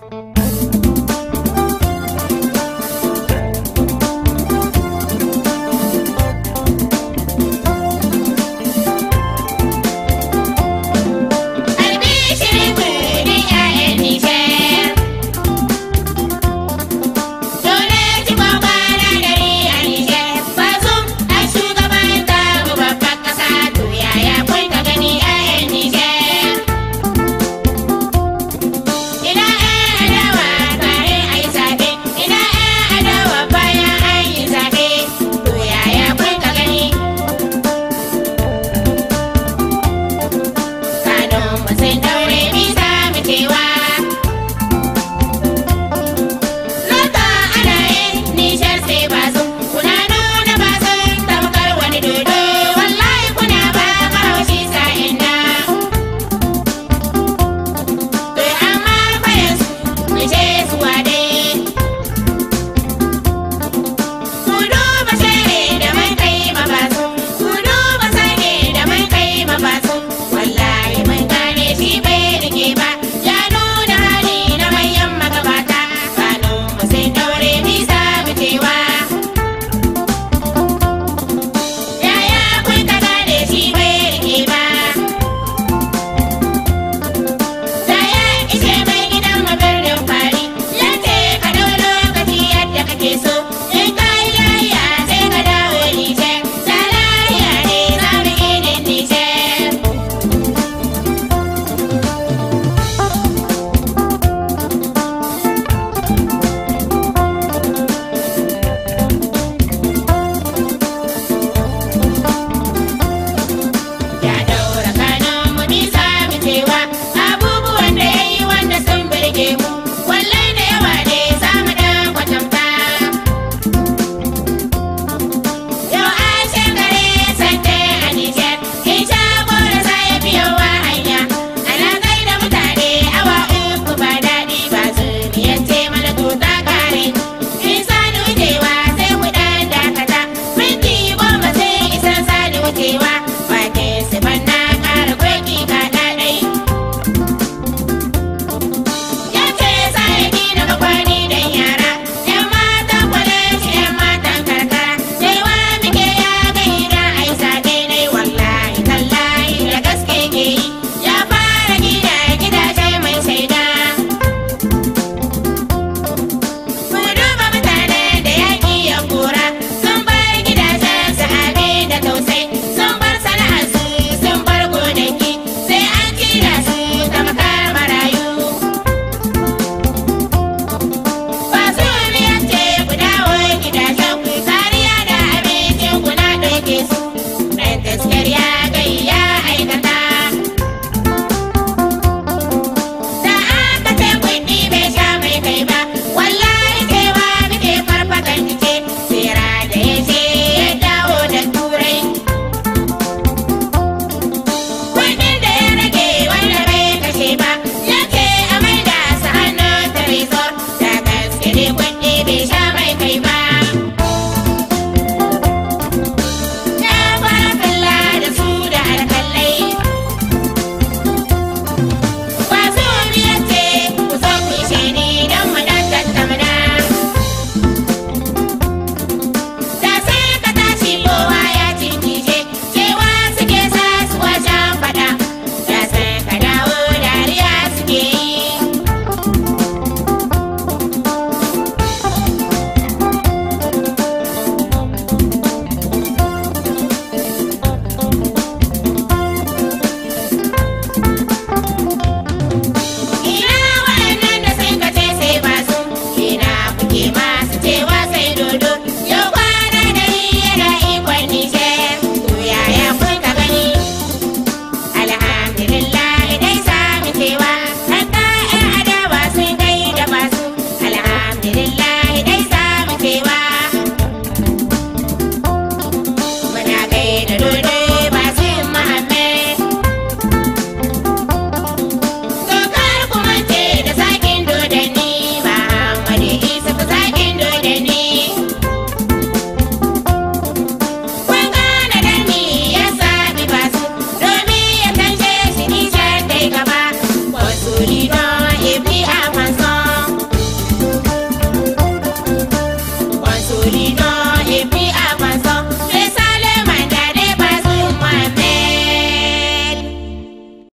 Peace.